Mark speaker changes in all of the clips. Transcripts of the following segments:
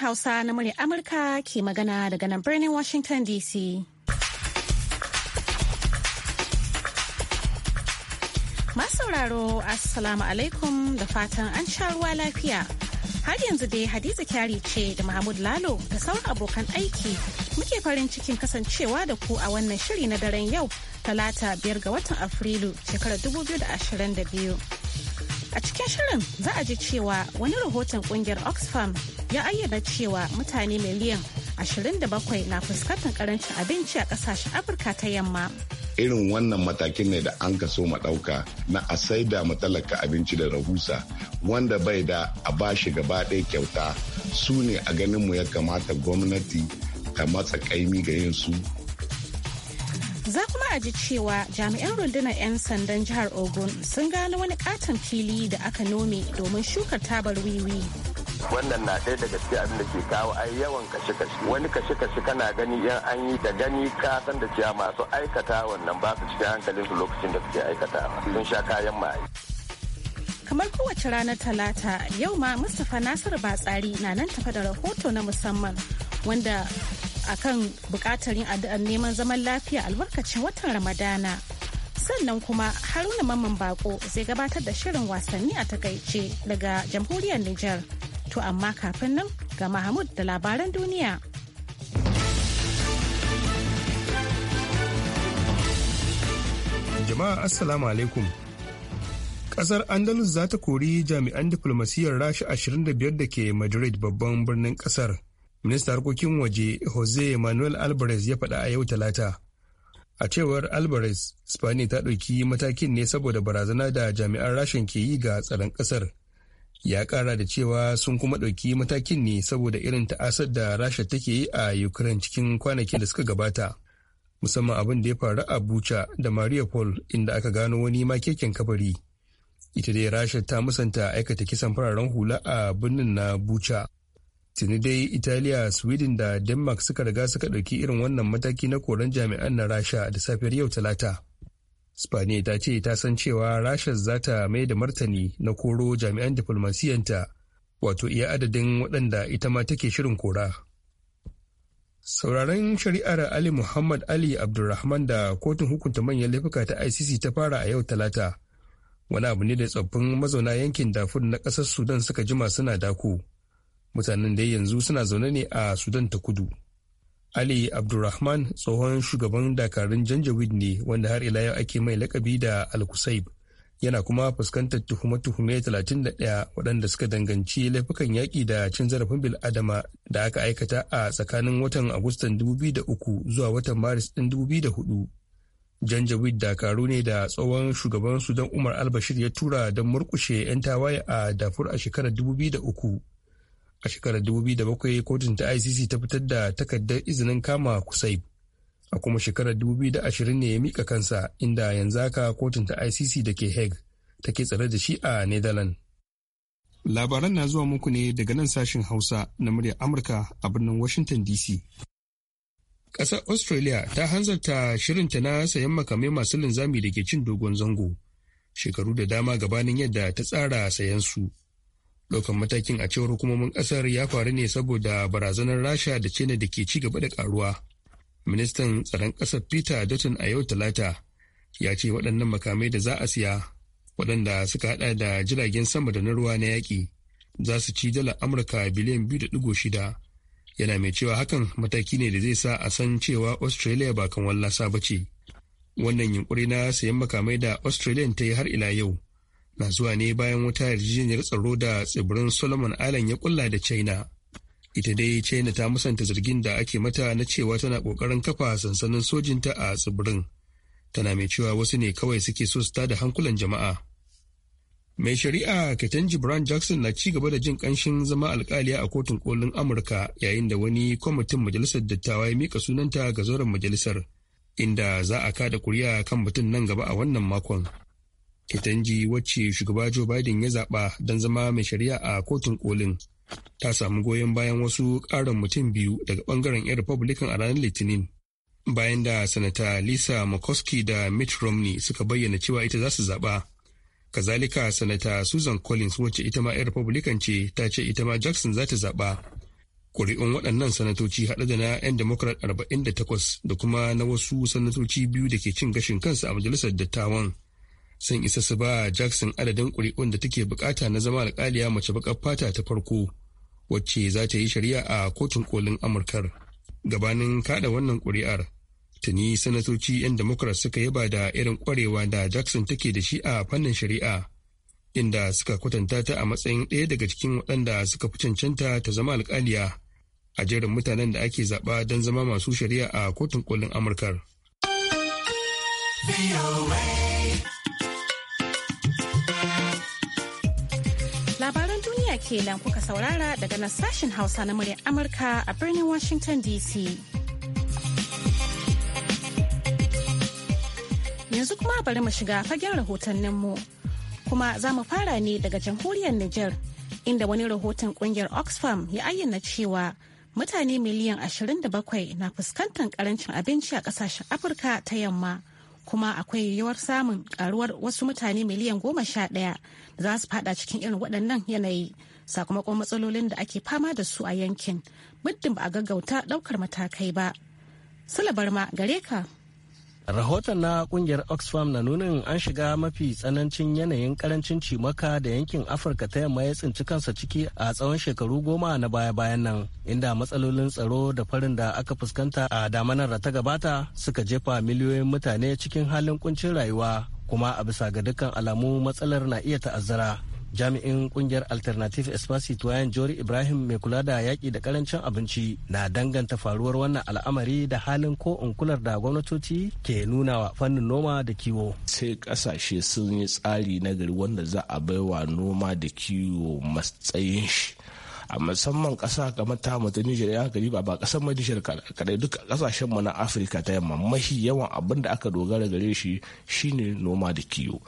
Speaker 1: Hausa na murya Amurka ke magana daga nan birnin Washington DC. sauraro Assalamu alaikum da fatan an sha ruwa lafiya. Har yanzu dai Hadiza Kyari ce da Mahmud Lalo da sauran abokan aiki muke farin cikin kasancewa da ku a wannan shiri na daren yau talata biyar ga watan Afrilu shekarar 2022. A cikin shirin za a ji cewa wani rahoton kungiyar Oxfam ya ayyana cewa mutane miliyan 27 na fuskantar karancin abinci a kasashen Afirka ta yamma.
Speaker 2: Irin wannan matakin ne da an kaso ɗauka na a saida matalaka abinci da rahusa wanda bai da a bashi gaba ɗaya kyauta su ne a ganinmu ya kamata gwamnati ta matsa ƙaimi ga yin su
Speaker 1: Za kuma a ji cewa jami'an rundunar 'yan sandan jihar Ogun sun gano wani katon fili da aka nome domin shukar tabar wiwi.
Speaker 3: wannan na ɗaya daga cikin abin da ke kawo ai yawan kashe-kashe wani kashe-kashe kana gani yan an yi da gani ka san da cewa masu aikata wannan ba su cikin hankalin su lokacin da suke aikata sun sha kayan maye.
Speaker 1: kamar kowace ranar talata yau ma mustapha nasiru batsari na nan tafa da rahoto na musamman wanda akan bukatar yin addu'ar neman zaman lafiya albarkacin watan ramadana sannan kuma haruna mamman bako zai gabatar da shirin wasanni a takaice daga jamhuriyar niger to amma kafin nan ga mahmud da labaran duniya
Speaker 4: jama'a assalamu alaikum kasar andalus za ta kori jami'an diflomasiyyar rasha 25 da ke madrid babban birnin kasar Minista harkokin waje Jose Manuel Alvarez ya faɗa a yau Talata. A cewar Alvarez, Spain ta ɗauki matakin ne saboda barazana da jami'an rashin ke yi ga tsaron ƙasar. Ya ƙara da cewa sun kuma ɗauki matakin ne saboda irin ta'asar da Rasha take yi a Ukraine cikin kwanakin da suka gabata. Musamman abin da ya faru a Bucha da Mariupol inda aka gano wani makekin kabari. Ita dai Rasha ta musanta aikata kisan fararen hula a birnin na Bucha. tuni dai italiya sweden da denmark suka riga suka ɗauki irin wannan mataki na koran jami'an na rasha da safiyar yau talata spaniya ta ce ta san cewa rasha za ta mai da martani na koro jami'an ta wato iya adadin waɗanda ita ma take shirin kora sauraron shari'ar ali muhammad ali abdulrahman da kotun hukunta manyan laifuka ta icc ta fara a yau talata wani abu ne da tsoffin mazauna yankin dafur na ƙasar sudan suka jima suna daku. mutanen da yanzu suna zaune ne a sudan ta kudu ali abdulrahman tsohon shugaban dakarun janjaweed ne wanda har ila yau ake mai lakabi da alkusaib yana kuma fuskantar tuhume-tuhume 31 waɗanda suka danganci laifukan yaƙi da cin zarafin bil'adama da aka aikata a tsakanin watan agustan 2003 zuwa watan maris ɗin 2004 janjaweed dakaru ne da tsohon shugaban sudan umar albashir ya tura don murkushe 'yan tawaye a dafur a shekarar 2003 a shekarar 2007 kotun ta icc ta fitar da takardar izinin kama kusai a kuma shekarar 2020 ne ya mika kansa inda yanzu haka kotun ta icc da ke hague take tsare da shi a netherlands labaran na zuwa muku ne daga nan sashen hausa na muryar amurka a birnin washington dc ƙasar australia ta hanzarta shirinta na sayan makamai masu linzami da ke cin dogon zango shekaru da dama gabanin yadda ta tsara sayan su Ɗaukan matakin a cewar hukumomin ƙasar ya faru ne saboda barazanar Rasha da China da ke ci gaba da ƙaruwa. Ministan tsaron ƙasar Peter Dutton a yau Talata ya ce waɗannan makamai da za a siya waɗanda suka haɗa da jiragen sama da na ruwa na yaƙi za su ci dala Amurka biliyan biyu da ɗigo shida. Yana mai cewa hakan mataki ne da zai sa a san cewa Australia ba kan wallasa ba ce. Wannan yunƙuri na sayan makamai da Australia ta yi har ila yau. na zuwa ne bayan wata yarjejeniyar tsaro da tsibirin solomon island ya kulla da china ita dai china ta musanta zargin da ake mata na cewa tana kokarin kafa sansanin sojinta a tsibirin tana mai cewa wasu ne kawai suke so su tada hankulan jama'a mai shari'a Ketan brown Jackson na ci gaba da jin kanshin zama alkaliya a kotun kolin Amurka yayin da wani kwamitin majalisar dattawa ya mika sunanta ga zauren majalisar inda za a kada kuri'a kan mutum nan gaba a wannan makon. Ketanji wacce shugaba Joe Biden ya zaɓa don zama mai shari'a a kotun kolin ta samu goyon bayan wasu ƙarin mutum biyu daga ɓangaren 'yan Republican a ranar Litinin. Bayan da Sanata Lisa Murkowski da Mitt Romney suka bayyana cewa ita za su zaɓa. Kazalika Sanata Susan Collins wacce ita ma 'yan Republican ce ta ce ita ma Jackson za ta zaɓa. Kuri'un waɗannan sanatoci haɗe da na 'yan Democrat 48 da kuma na wasu sanatoci biyu da ke cin gashin kansu a majalisar dattawan. sun isa su ba Jackson adadin kuri'un da take bukata na zama alƙaliya mace baƙar fata ta farko wacce za ta yi shari'a a kotun kolin Amurkar. Gabanin kada wannan kuri'ar tuni sanatoci 'yan Democrat suka yaba da irin kwarewa da Jackson take da shi a fannin shari'a, inda suka kwatanta ta a matsayin ɗaya daga cikin waɗanda suka fi cancanta ta zama alƙaliya a jerin mutanen da ake zaɓa don zama masu shari'a a kotun kolin Amurkar.
Speaker 1: kenan kuka saurara daga nan sashen Hausa na muryar Amurka a birnin Washington DC. Yanzu kuma bari mu shiga fagen rahotanninmu. Kuma za mu fara ne daga jamhuriyar Nijar, inda wani rahoton kungiyar Oxfam ya ayyana cewa mutane miliyan 27 na fuskantar karancin abinci a kasashen Afirka ta yamma. kuma akwai yiwuwar samun karuwar wasu mutane miliyan goma sha ɗaya za su fada cikin irin waɗannan yanayi sakamakon matsalolin da ake fama da su a yankin muddin ba a gaggauta daukar matakai ba salabar ma gare ka
Speaker 5: rahoton na kungiyar oxfam na nunin an shiga mafi tsanancin yanayin karancin cimaka da yankin afirka ta yamma ya tsinci kansa ciki a tsawon shekaru goma na baya-bayan nan inda matsalolin tsaro da farin da aka fuskanta a damanar da ta gabata suka jefa miliyoyin mutane cikin halin kuncin rayuwa kuma a bisa ga dukkan alamu matsalar na iya ta'azzara jami'in kungiyar alternative espace wayan jori ibrahim mai kula da yaƙi da karancin abinci na danganta faruwar wannan al'amari da halin ko unkular da gwamnatoci ke nuna wa fannin noma da kiwo sai kasashe sun yi tsari na gari wanda za a wa noma da kiwo matsayin shi a musamman kasa kamar ta mutu Nijar ya gari ba ƙasar mai Nijar kadai duk ƙasashen mu na Afirka ta yamma mahi yawan abin da aka dogara gare shi shine noma da kiwo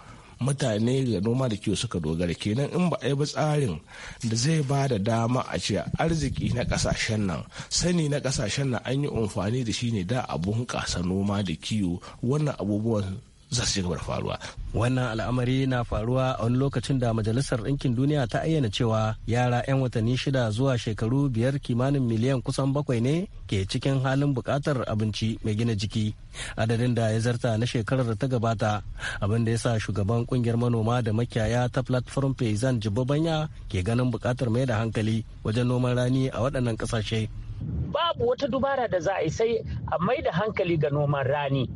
Speaker 5: mutane ga noma da kiwo suka dogara kenan in ba a yi tsarin da zai ba da dama a ce arziki na kasashen nan sani na kasashen nan an yi amfani da shi ne da abun kasa noma da kiwo wannan abubuwan za su gaba da faruwa wannan al'amari na faruwa a wani lokacin da majalisar ɗinkin duniya ta ayyana cewa yara 'yan watanni shida zuwa shekaru biyar kimanin miliyan kusan bakwai ne ke cikin halin buƙatar abinci mai gina jiki adadin da ya zarta na shekarar da ta gabata abin da ya sa shugaban ƙungiyar manoma da makiyaya ta platform paysan jibobanya ke ganin buƙatar mai da hankali wajen noman rani a waɗannan ƙasashe babu wata dubara da za a yi sai a mai da hankali ga noman rani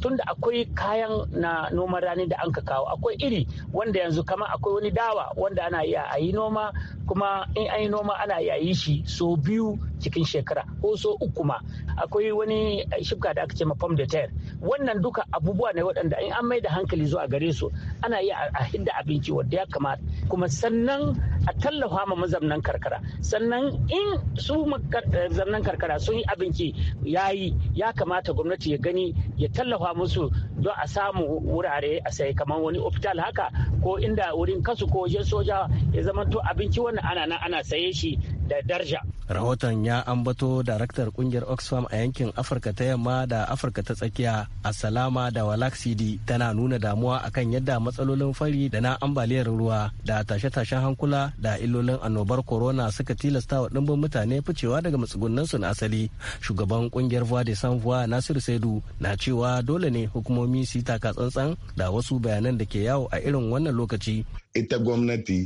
Speaker 5: tunda akwai kayan na noman rani da an ka kawo akwai iri wanda yanzu kama akwai wani dawa wanda ana iya a yi noma kuma in an yi noma ana iya shi so biyu cikin shekara ko so uku ma akwai wani shifka da aka ce ma pom de terre wannan duka abubuwa ne waɗanda in an mai da hankali zuwa gare su ana yi a hidda abinci wanda ya kamata kuma sannan a tallafa ma mazamnan karkara sannan in su eh, mazamnan karkara sun yi abinci ya yi ya kamata gwamnati ya gani ya tallafa musu don a samu wurare a sai kamar wani ofital haka ko inda wurin kasu ko wajen soja ya zama to abinci wannan ana nan ana saye shi da darja rahoton ya ambato daraktar kungiyar oxfam a yankin afirka ta yamma da afirka ta tsakiya a salama da walaksidi tana nuna damuwa akan yadda matsalolin fari da na ambaliyar ruwa da tashe-tashen hankula da illolin annobar corona suka tilasta wa ɗumbin mutane ficewa daga matsugunan su na asali shugaban kungiyar voix de sans voix nasir saidu na cewa dole ne hukumomi su yi taka tsantsan da wasu bayanan da
Speaker 2: ke yawo a irin wannan lokaci ita gwamnati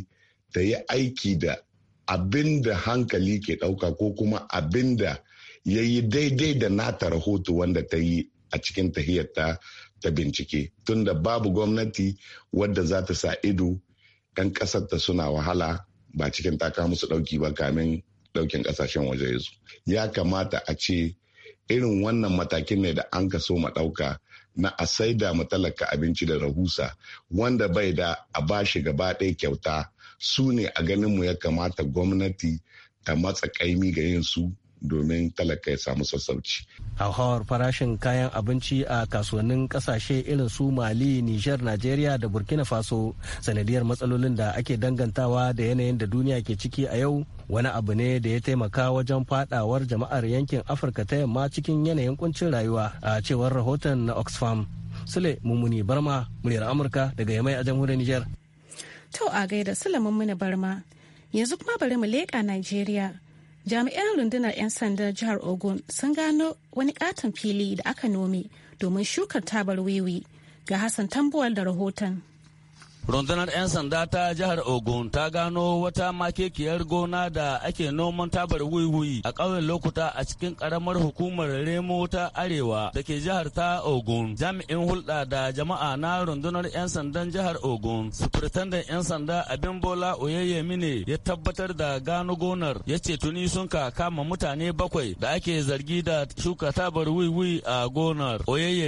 Speaker 2: ta yi aiki da abin da hankali ke ɗauka ko kuma abin da ya yi daidai da nata rahoto wanda ta yi a cikin tahiyarta ta bincike tunda babu gwamnati wadda za ta sa ido 'yan ƙasar ta suna wahala ba cikin taka musu ɗauki ba kamin ɗaukin ƙasashen waje ya ya kamata a ce irin wannan matakin ne da an ka so ma ɗauka na a saida matalaka abinci da rahusa wanda bai da a bashi gaba ɗaya kyauta su ne a ganinmu ya kamata gwamnati ta matsa kaimi ga yin su domin talaka ya samu sassauci.
Speaker 5: hauhawar farashin kayan abinci a kasuwannin kasashe irin su mali nijar nigeria da burkina faso sanadiyar matsalolin da ake dangantawa da yanayin da duniya ke ciki a yau wani abu ne da ya taimaka wajen fadawar jama'ar yankin afirka ta yamma cikin yanayin kuncin rayuwa a cewar rahoton na oxfam sule mummuni barma muryar amurka daga yamai a jamhuriyar niger.
Speaker 1: To a gaida Sulaiman Mini Barma. Yanzu kuma bari mu leƙa Najeriya. Jami'an rundunar 'yan sandar jihar Ogun sun gano wani katon fili da aka nome domin shukar tabar wiwi ga Hassan tambuwal da rahoton.
Speaker 6: rundunar 'yan sanda ta jihar ogun ta gano wata makekiyar gona da ake noman tabar wuiwui a ƙauyen lokuta a cikin ƙaramar hukumar remo ta arewa da ke jihar ta ogun jami'in hulɗa da jama'a na rundunar 'yan sandan jihar ogun sufurtandan 'yan sanda abin bola oyeyemi ne ya tabbatar da gano gonar ya ce tuni sun ka kama mutane bakwai da ake zargi da shuka tabar wuiwui a gonar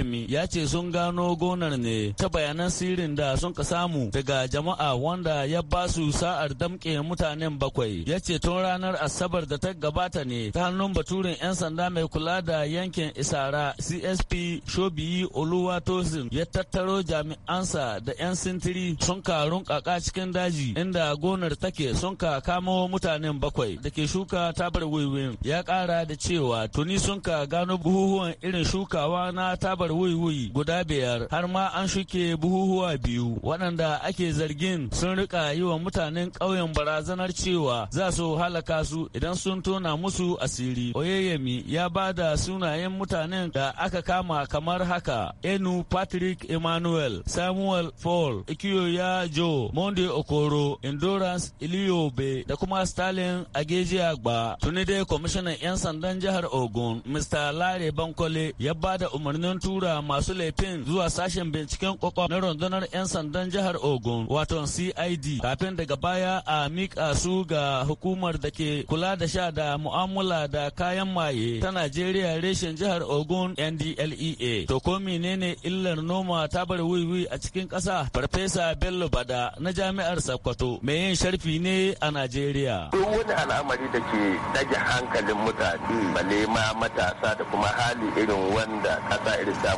Speaker 6: mi ya ce sun gano gonar ne ta bayanan sirrin da sun ka samu daga jama'a wanda ya ba su sa'ar damƙe mutanen bakwai ya ce tun ranar asabar da ta gabata ne ta hannun baturin 'yan sanda mai kula da yankin isara csp shobiyi oluwatosin ya tattaro jami'ansa da 'yan sintiri sun karun kaka cikin daji inda gonar take sun ka kamo mutanen bakwai da ke shuka tabar wuiwuin ya ƙara da cewa tuni sun ka gano buhuhuwan irin shukawa na tabar wuiwui guda biyar har ma an shuke buhuhuwa biyu waɗanda ake zargin sun rika yi wa mutanen ƙauyen barazanar cewa za su halaka su idan sun tona musu asiri. Oyeyemi ya ba da sunayen mutanen da aka kama kamar haka Enu Patrick Emmanuel, Samuel Paul, Ikiyoya Joe, Monde Okoro, Endurance Iliyobe da kuma Stalin Agejiagba. Tuni dai kwamishinan 'yan sandan jihar Ogun, Mr. Lare Bankole ya ba da umarnin tura masu laifin zuwa sashen binciken kwakwa na rundunar 'yan sandan jihar ogun wato cid kafin daga baya a mika su ga hukumar da ke kula da sha da mu'amala da kayan maye ta najeriya reshen jihar ogun ndlea to ko menene illar noma ta tabar wuyi a cikin ƙasa farfesa bello bada na jami'ar sokoto mai yin sharfi ne a najeriya duk wani
Speaker 3: al'amari da ke dage hankalin mutane balle ma matasa da kuma hali irin wanda ƙasa irin ta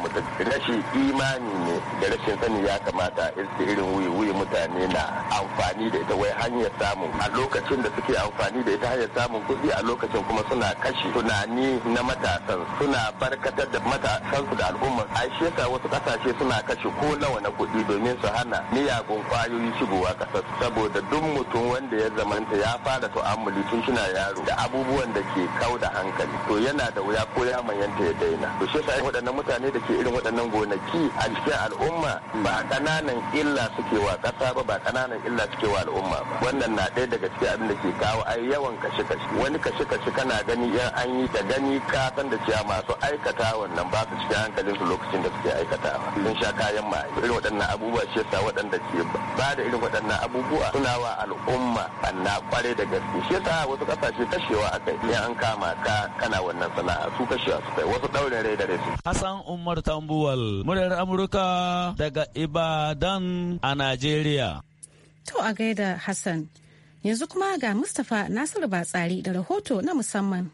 Speaker 3: rashin imani ne da rashin sani ya kamata irin wuyi-wuyi mutane na amfani da ita wai hanyar samun a lokacin da suke amfani da ita hanyar samun kuɗi a lokacin kuma suna kashi. tunani na matasan suna barkatar da matasan su da al'umma a shekar wasu kasashe suna kashe ko nawa na kuɗi domin su hana miyagun kwayoyi shigowa ƙasar saboda duk mutum wanda ya zamanta ya fara tu'ammuli tun suna yaro da abubuwan da ke kau da hankali to yana da wuya ko ya manyanta ya daina to shi yasa waɗannan mutane da ke irin waɗannan gonaki a cikin al'umma ba ƙananan illa suke suke wa ƙasa ba ba ƙananan illa suke wa al'umma ba wannan na ɗaya daga cikin abin da ke kawo ai yawan kashe-kashe wani kashe-kashe kana gani yan an yi da gani ka san da cewa masu aikata wannan ba su cikin hankalin su lokacin da suke aikatawa sun sha kayan ma irin waɗannan abubuwa shi yasa waɗanda ke ba da irin waɗannan abubuwa suna wa al'umma na kware da gaske shi yasa wasu ƙasashe kashewa aka yi an kama ka kana wannan sana'a su kashewa su kai wasu ɗaurin rai
Speaker 6: da rai Hassan Umar Tambuwal muryar Amurka daga Ibadan a Najeriya.
Speaker 1: To a gaida Hassan, yanzu kuma ga Mustapha Nasiru Batsari da rahoto na musamman.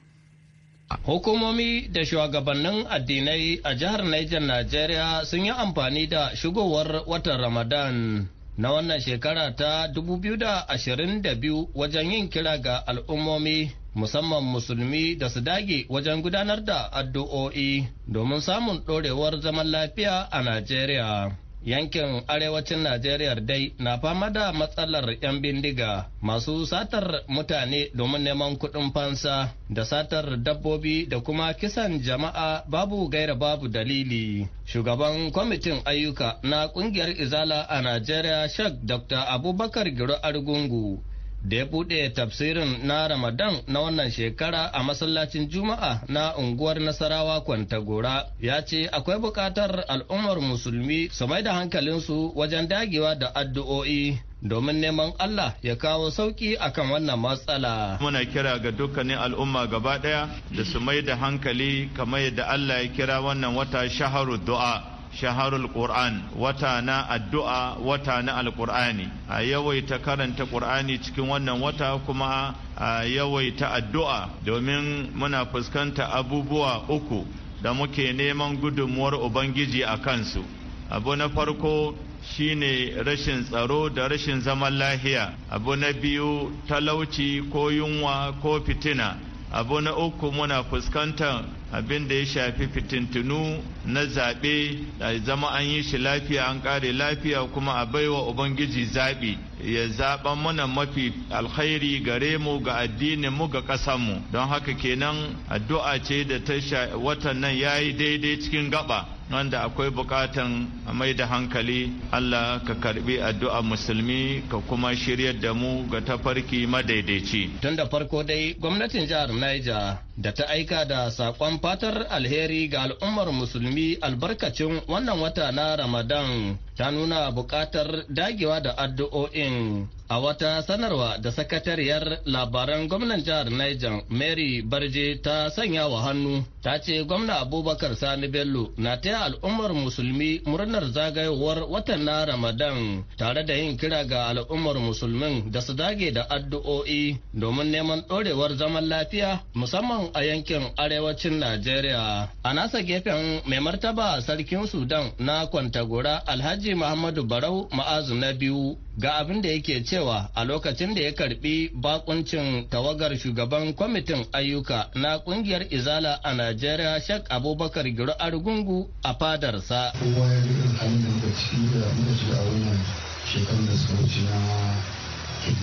Speaker 7: Hukumomi da shugabannin addinai a jihar Niger Najeriya sun yi amfani da shigowar watan Ramadan na wannan shekara ta 2022 wajen yin kira ga al'ummomi musamman musulmi da su dage wajen gudanar da addu'o'i domin samun ɗorewar zaman lafiya a Najeriya. yankin arewacin najeriya dai na fama da matsalar 'yan bindiga masu satar mutane domin neman kuɗin fansa da satar dabbobi da kuma kisan jama'a babu gaira babu dalili shugaban kwamitin ayyuka na ƙungiyar izala a najeriya shek dr abubakar giro argungu da ya buɗe tafsirin na Ramadan na wannan shekara a masallacin Juma'a na unguwar Nasarawa Kwantagora ya ce akwai buƙatar al'ummar musulmi su mai da hankalinsu wajen dagewa da addu'o'i domin neman Allah ya kawo sauƙi akan wannan matsala.
Speaker 8: Muna kira ga dukkanin al'umma gaba ɗaya da su mai da hankali kamar yadda Allah ya kira wannan wata shaharu du'a. shaharul Qur'an wata na addu'a wata na alƙur'ani a yawaita karanta Qur'ani cikin wannan wata kuma a yawaita addu'a domin muna fuskanta abubuwa uku da muke neman gudunmuwar Ubangiji a kansu abu na farko shine rashin tsaro da rashin zaman lahiya abu na biyu talauci ko yunwa ko fitina abu na uku muna fuskantar abin da ya shafi fitintunu na zaɓe da zama an yi shi lafiya an ƙare lafiya kuma a baiwa ubangiji zaɓi ya zaɓa mana mafi alkhairi gare mu ga addinin mu ga ƙasanmu don haka kenan addu'a ce da ta watan nan ya yi daidai cikin gaba wanda akwai bukatan mai da hankali Allah ka karbi addu'a musulmi ka kuma shiryar da mu ga tafarki madaidaici. Tun da
Speaker 7: farko dai gwamnatin jihar Niger da ta aika da saƙon fatar alheri ga al'ummar musulmi albarkacin wannan wata na Ramadan ta nuna buƙatar dagewa da addu'o'in a wata sanarwa da sakatariyar labaran gwamnan jihar Niger Mary Barje ta sanya wa hannu ta ce gwamna Abubakar Sani Bello na taya al'ummar musulmi murnar zagayowar watan na Ramadan tare da yin kira ga al'ummar musulmin da su dage da addu'o'i domin neman ɗorewar zaman lafiya musamman a yankin arewacin Najeriya. A nasa gefen mai martaba a sarkin Sudan na Kwantagora Alhaji Muhammadu Barau ma'azu na biyu ga abin da yake cewa a lokacin da ya karbi bakuncin tawagar shugaban kwamitin ayyuka na kungiyar Izala a Najeriya Sheikh Abubakar Giro Argungu a fadarsa.
Speaker 9: Kowa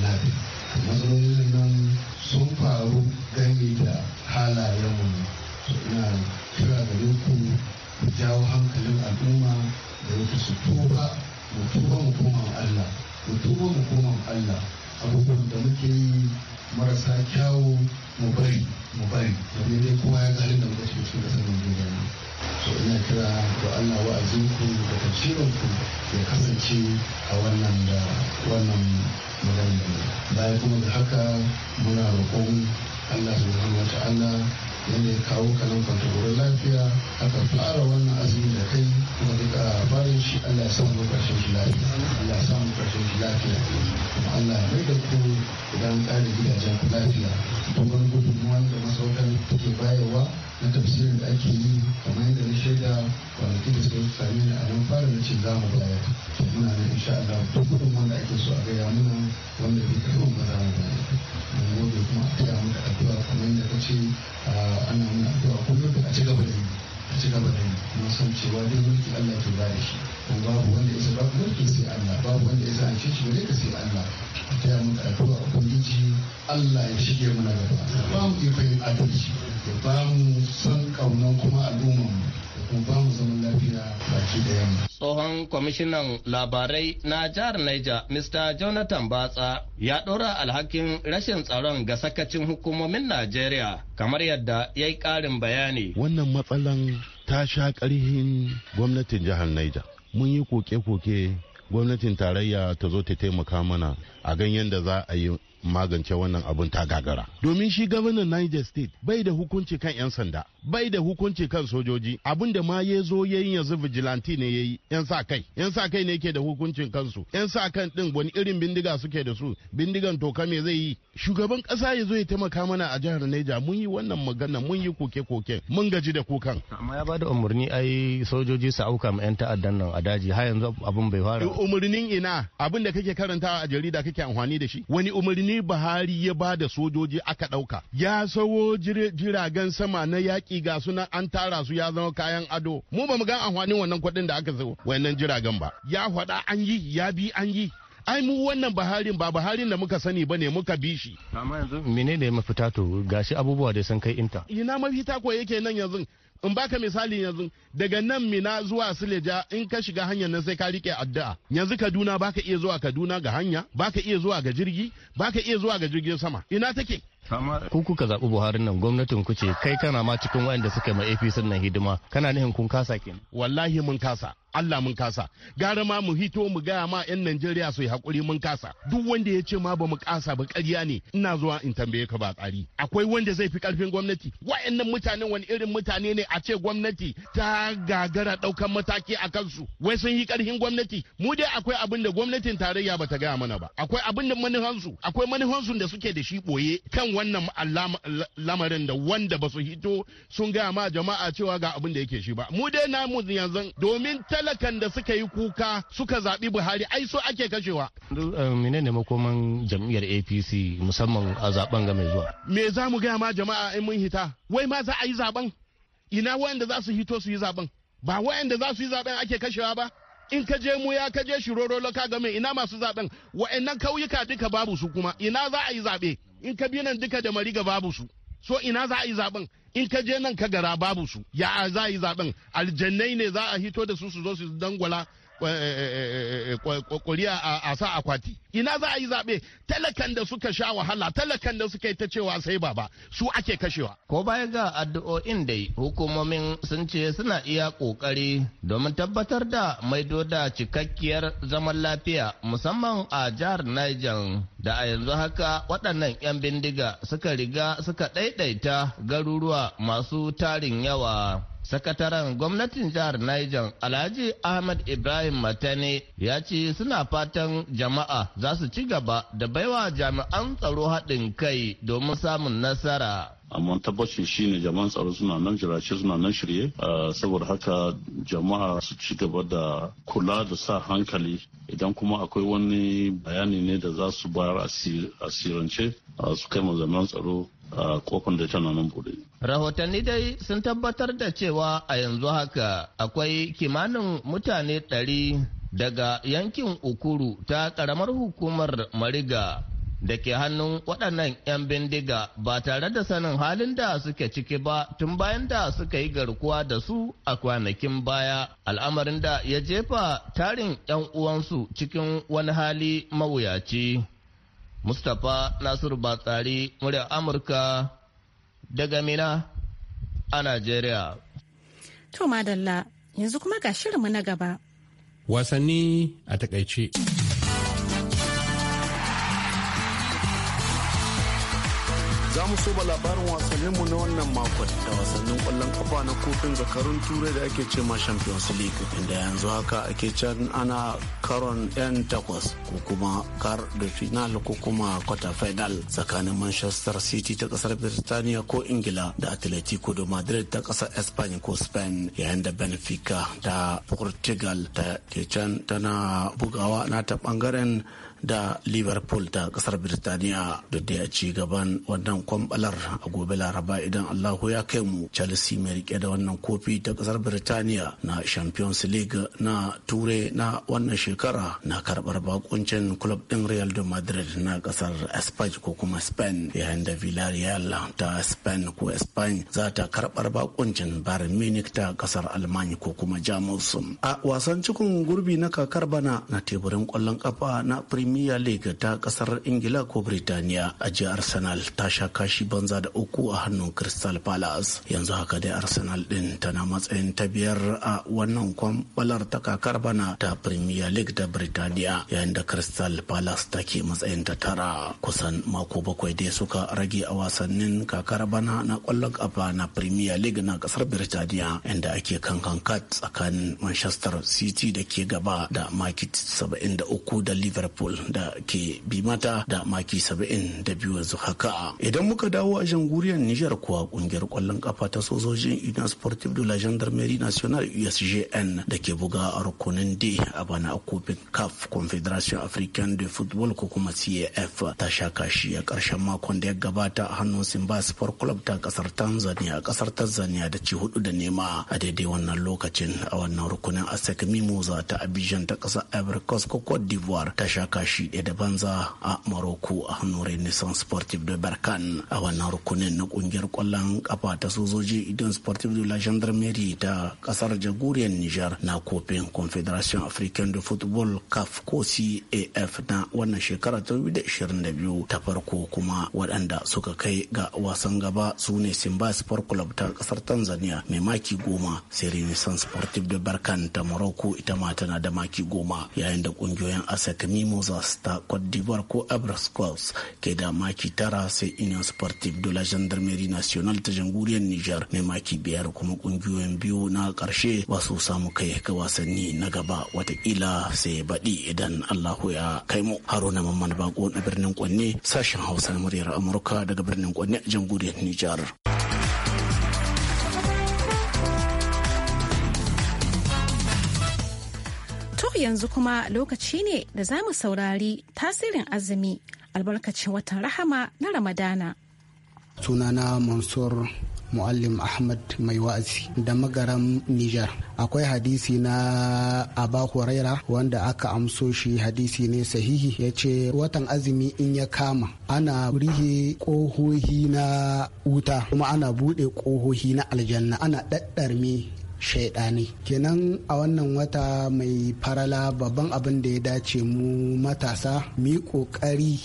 Speaker 9: ya matsalolin nan sun faru gani da halayenmu to ina kira da ku ku jawo hankalin al'umma da yake su tuba mu tuba mu Allah mu tuba mu Allah abubuwan da muke yi marasa kyawu mu bari mu bari domin dai kowa ya gani da muka cikin da sanin duniya ne so ina kira da Allah wa'azinku ku da tafsirin ku ya kasance a wannan da wannan magana bayan kuma da haka muna roƙon allah subhanahu wa ta'ala yadda ya kawo kanan kwantarorin lafiya aka fara wannan azumi da kai kuma duka bayan shi allah ya samu karshen shi lafiya allah ya samu karshen shi lafiya kuma allah ya mai da ku idan kare gidajen lafiya don wani gudunmuwan da masaukan take bayarwa na tafsirin da ake yi kamar yadda na shaida kwanaki da suka sami ni a nan fara na ce za mu bayar to muna nan insha Allah duk gudun wanda ake so a gaya muna wanda bai karɓi ba za mu bayar mu gode kuma a taya muka addu'a kamar yadda ka ce ana muna addu'a kullum a ci gaba da yi a ci gaba da yi mun san cewa duk mulki Allah ke ba da shi babu wanda ya san babu mulki sai Allah babu wanda ya san a cikin ne ka sai Allah ta yi muka addu'a ubangiji Allah ya shige muna gaba ba mu ikon yin adalci ya ba mu san kaunan kuma al'umman mu ba mu zaman lafiya baki da yamma.
Speaker 7: Tsohon kwamishinan labarai na jihar Niger, Mr. Jonathan Batsa, ya ɗora alhakin rashin tsaron ga sakacin hukumomin Najeriya, kamar yadda ya yi ƙarin bayani.
Speaker 10: Wannan matsalan ta sha ƙarhin gwamnatin jihar Niger. mun yi koke-koke gwamnatin tarayya ta zo ta taimaka mana a ganyen da za a yi magance wannan abun ta gagara domin shi gwamnan niger state bai da hukunci kan 'yan sanda bai da hukunci kan sojoji abin da ma ya zo ya yi yanzu vigilante ne ya yi 'yan sa kai 'yan sa kai ne ke da hukuncin kansu 'yan sa kan din wani irin bindiga suke da su bindigan toka me zai yi shugaban kasa ya zo ya taimaka mana a jihar niger mun yi wannan magana mun yi koke-koke mun gaji da kukan
Speaker 7: amma ya bada umarni ai sojoji su auka ma 'yan ta'addan nan a daji har yanzu abin bai fara
Speaker 10: umarnin ina abin da kake karantawa a jarida kake amfani da shi wani umarni ne Buhari ya ba da sojoji aka ɗauka. Ya sawo jiragen sama na yaƙi ga sunan an tara su ya zama kayan ado. Mu ba mu ga amfanin wannan kuɗin da aka sayo wannan jiragen ba. Ya faɗa an yi, ya bi an yi. ai mu wannan baharin ba baharin da muka sani ba ne muka bi shi
Speaker 7: amma yanzu menene mafita to gashi abubuwa da sun kai inta
Speaker 10: ina mafita ko yake nan yanzu in baka misali yanzu daga nan mina zuwa Suleja in ka shiga hanyar nan sai ka rike addu'a yanzu Kaduna baka iya zuwa Kaduna ga hanya baka iya zuwa ga jirgi baka iya zuwa ga jirgin sama ina take
Speaker 7: ku kuka zaɓi buharin nan gwamnatin ku ce kai kana ma cikin waɗanda suka ma apc nan hidima kana nihin kun kasa kenan
Speaker 10: wallahi mun kasa Allah mun kasa gara ma mu hito mu gaya ma 'yan Najeriya su yi hakuri mun kasa duk wanda ya ce ma ba mu kasa ba ƙarya ne ina zuwa in tambaye ka ba tsari akwai wanda zai fi ƙarfin gwamnati wa'annan mutanen wani irin mutane ne a ce gwamnati ta gagara ɗaukan mataki a kansu wai sun yi ƙarfin gwamnati mu dai akwai abin da gwamnatin tarayya ba ta gaya mana ba akwai abin da manufansu akwai manufansu da suke da shi boye kan wannan lamarin da wanda ba su hito sun gaya ma jama'a cewa ga abin da yake shi ba mu dai namu yanzu domin ta talakan da suka yi kuka suka zaɓi buhari ai so ake kashewa
Speaker 7: eh, menene makoman jam'iyyar apc musamman a zaben ga mai zuwa
Speaker 10: me za mu gaya ma jama'a in mun hita wai ma za a yi zaben ina wayanda za su hito su yi zaben ba wayanda za su yi zaben ake kashewa ba in ka je mu ya ka je shiroro laka game ina masu zaben wa'annan kauyuka duka babu su kuma ina za a yi zabe in ka bi nan duka da mariga babu su so ina za a yi zaben in ka je nan ka gara babu su ya za a yi zaben aljannai ne za a hito da su su zo su dangwala kuri'a eh, eh, eh, a sa akwati ina za a yi zaɓe talakan da suka sha wahala talakan da suka yi ta cewa sai baba su ake kashewa ko baya ga addu'o'in da hukumomin sun ce suna
Speaker 7: iya ƙoƙari domin tabbatar da maido da cikakkiyar zaman lafiya musamman a jihar Niger da a yanzu haka waɗannan 'yan bindiga suka riga suka ɗaiɗaita garuruwa masu tarin yawa sakataren gwamnatin jihar Niger Alhaji Ahmad Ibrahim Matane ya ce suna fatan jama'a za su ci gaba da baiwa jami'an tsaro haɗin kai domin samun nasara.
Speaker 8: amma tabbacin shine jama'an tsaro suna nan jirace suna nan shirye ah, saboda haka jama'a su ci gaba da kula da sa hankali idan kuma akwai wani bayani ne da za su bayar asirance ah, su kai ma zaman tsaro a ah, kofin da tana nan bude.
Speaker 7: Rahotanni dai sun tabbatar da cewa a yanzu haka akwai kimanin mutane ɗari daga yankin Ukuru ta karamar hukumar Mariga da ke hannun waɗannan 'yan bindiga ba tare da sanin halin da suke ciki ba tun bayan da suka yi garkuwa da su a kwanakin baya al'amarin da ya jefa tarin 'yan uwansu cikin wani hali mawuyaci. Mustapha Nasiru Batsari, murya Amurka daga Mina a Najeriya. To
Speaker 1: madalla yanzu kuma ga shirinmu na gaba.
Speaker 7: Wasanni a takaice.
Speaker 11: za mu so ba labarin mu na wannan makon da wasannin kwallon kafa na kofin zakarun turai da ake ce ma champions league inda yanzu haka ake can ana karon yan takwas ko kuma kar da final ko kuma quarter final tsakanin manchester city ta kasar birtaniya ko ingila da atletico da madrid ta kasar Espanya ko spain yayin da benfica ta portugal ta ke can tana bugawa na ta bangaren da liverpool ta kasar birtaniya duk da ya ci gaban wannan kwambalar a gobe laraba idan allahu ya kai mu chelsea mai rike da wannan kofi ta kasar birtaniya na champions league na turai na wannan shekara na karbar bakuncin club din real de madrid na kasar spain ko kuma spain yayin da villarreal ta spain ko spain za ta karbar bakuncin bayern munich ta kasar almanya ko kuma jamus a wasan cikin gurbi na kakar bana na teburin kwallon kafa na premier premier league ta kasar ingila ko birtaniya a jiya arsenal ta sha kashi banza da uku a hannun crystal palace yanzu haka dai arsenal din tana matsayin ta biyar a wannan kwambalar ta kakar bana ta premier league da birtaniya yayin da crystal palace take matsayin ta tara kusan mako bakwai dai suka rage a wasannin kakar bana na kwallon kafa na premier league na kasar birtaniya inda ake kan kankat tsakanin manchester city da ke gaba da makit 73 da liverpool da ke bi mata da maki 72 yanzu haka idan muka dawo a janguriyar nijar kuwa kungiyar kwallon kafa ta sojojin union sportive de la gendarmerie nationale usgn da ke buga a rukunin d a bana a kofin caf confederation african de football ko kuma caf ta sha kashi a ƙarshen makon da ya gabata a hannun simba sport club ta kasar tanzania kasar tanzania da ci hudu da nema a daidai wannan lokacin a wannan rukunin a asek za ta abidjan ta ƙasar ivory coast ko cote d'ivoire ta sha kashi tashi ɗaya da banza a Morocco a hannun Renaissance Sportive de Barkan a wannan rukunin na kungiyar kwallon kafa ta sojoji Idan Sportive de la Gendarmerie ta ƙasar jagoriyar Niger na kofin Confederation African de Football CAF ko CAF na wannan shekara ta 2022 ta farko kuma waɗanda suka kai ga wasan gaba su ne Simba Sport Club ta ƙasar Tanzania mai maki goma sai Renaissance Sportive de Barkan ta Morocco ita ma tana da maki goma yayin da ƙungiyoyin e ASEC Mimosa Stars ta d'Ivoire ko Abrascos ke da maki tara sai Union Sportive de la Gendarmerie Nationale ta jamhuriyar Nijar Ne maki biyar kuma kungiyoyin biyu na karshe ba su samu kai ga wasanni na gaba watakila sai baɗi idan Allahu ya kai mu. Haruna Mamman Bako na birnin Kwanne sashen Hausa na muryar Amurka daga birnin Kwanne a jamhuriyar Nijar.
Speaker 1: yanzu kuma lokaci ne da za mu saurari tasirin azumi albarkacin watan rahama na Ramadana.
Speaker 12: Sunana Mansur Muallim Ahmad mai wa'azi da magaran Nijar. Akwai hadisi na Aba Huraira wanda aka amso shi hadisi ne sahihi ya ce watan azumi in ya kama ana rihe ƙohohi na wuta kuma ana buɗe ƙohohi na aljanna ana ɗaɗɗarmi shaidani kenan a wannan wata mai farala babban abin da ya dace mu matasa mu kokari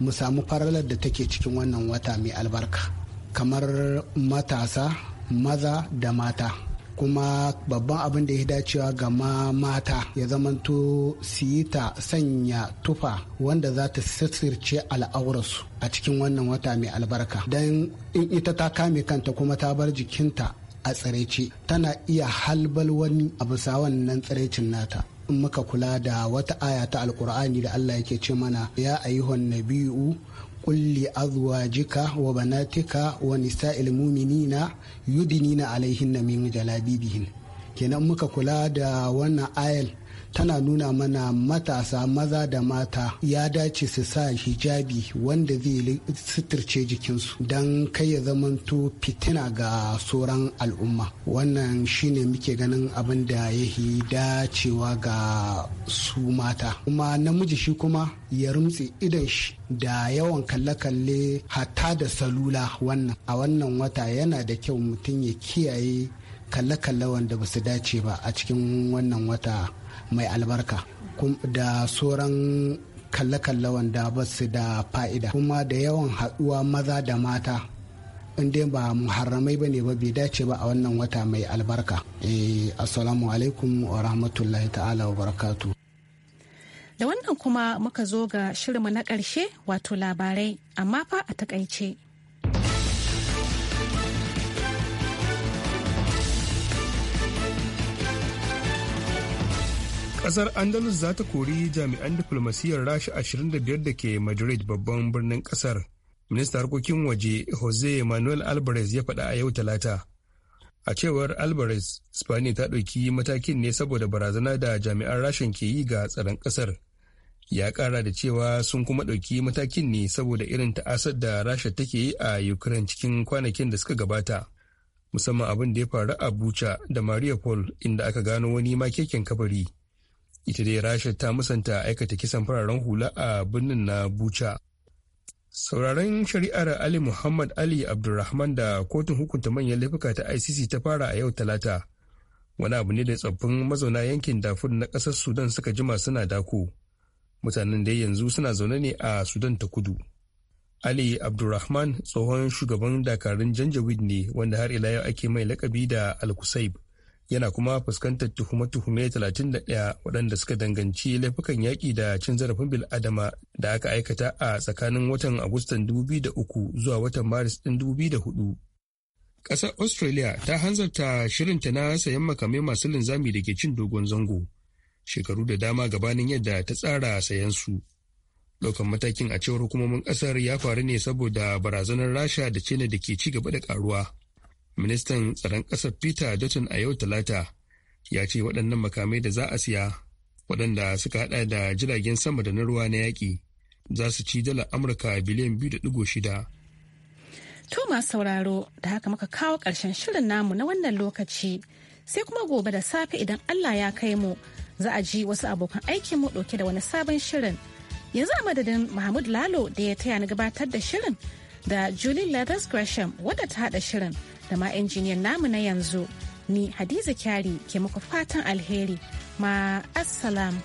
Speaker 12: mu samu faralar da take cikin wannan wata mai albarka kamar matasa maza da mata kuma babban abin da ya dacewa ga mata ya zamanto su yi ta sanya tufa wanda za ta sirce al'aurarsu a cikin wannan wata mai albarka don in ita ta kame kanta kuma ta bar jikinta a tsiraice tana iya halbal wani a bisa wannan tsiraicin nata in muka kula da wata aya ta alkur'ani da Allah yake ce mana ya ayyuhan Nabi'u kulli azwajika wa banatika wa nisa'il mu'minina yudinina alaihinna min jalabibihin kenan muka kula da wannan ayal tana nuna mana matasa maza da mata ya dace su sa hijabi wanda zai suturce jikinsu don kai ya zamanto fitina ga sauran al'umma wannan shine muke ganin abin da ya yi dacewa ga su mata kuma namiji shi kuma ya rumtse idan shi da yawan kalle-kalle hata da salula wannan a wannan wata yana da kyau mutum ya kiyaye kalle-kalle wanda ba su dace ba a cikin wannan wata mai albarka da sauran kalle-kalle wanda ba su da fa'ida kuma da yawan haɗuwa maza da mata dai ba muharramai ba ne ba bai dace ba a wannan wata mai albarka eh, assalamu alaikum wa rahmatullahi ta'ala wa barakatu
Speaker 1: da wannan kuma muka zo ga shirinmu na ƙarshe wato labarai amma fa a takaice.
Speaker 4: Kasar Andalus za ta kori jami'an diflomasiyyar Rasha 25 da ke Madrid babban birnin kasar. Minista harkokin waje Jose Manuel Alvarez ya faɗa a yau Talata. A cewar Alvarez, Spain ta ɗauki matakin ne saboda barazana da jami'an Rashin ke yi ga tsaron ƙasar. Ya ƙara da cewa sun kuma ɗauki matakin ne saboda irin ta'asar da Rasha take yi a Ukraine cikin kwanakin da suka gabata. Musamman abin da ya faru a Bucha da Mariupol inda aka gano wani makekin kabari. ita dai rasha ta musanta aikata kisan fararen hula a birnin na bucha sauraron shari'ar ali muhammad ali abdulrahman da kotun hukunta manyan laifuka ta icc ta fara a yau talata wani abu ne da tsoffin mazauna yankin dafur na ƙasar sudan suka jima suna dako mutanen da yanzu suna zaune ne a sudan ta kudu ali abdulrahman tsohon shugaban dakarun janjawid ne wanda har ila yau ake mai lakabi da alkusaib yana kuma fuskantar tuhume-tuhume 31 waɗanda suka danganci laifukan yaƙi da cin zarafin bil'adama da aka aikata a tsakanin watan agustan 2003 zuwa watan maris ɗin 2004 ƙasar australia ta hanzarta shirinta na sayan makamai masu linzami da ke cin dogon zango shekaru da dama gabanin yadda ta tsara sayan su ɗaukan matakin a cewar hukumomin ƙasar ya faru ne saboda barazanar rasha da china da ke ci gaba da ƙaruwa ministan tsaron ƙasar peter dutton a yau talata ya ce waɗannan makamai da za a siya waɗanda suka haɗa da jiragen sama da na ruwa na yaƙi za su ci dala amurka biliyan 2.6
Speaker 1: To masu sauraro da haka muka kawo ƙarshen shirin namu na wannan lokaci sai kuma gobe da safe idan Allah ya kai mu za a ji wasu abokan aikin mu ɗauke da wani sabon shirin. Yanzu a madadin Mahmud Lalo da ya taya ni gabatar da shirin da Julie Leathers Gresham wadda ta haɗa shirin da ma injiniyan namu na yanzu ni hadiza kyari ke muku fatan alheri ma assalamu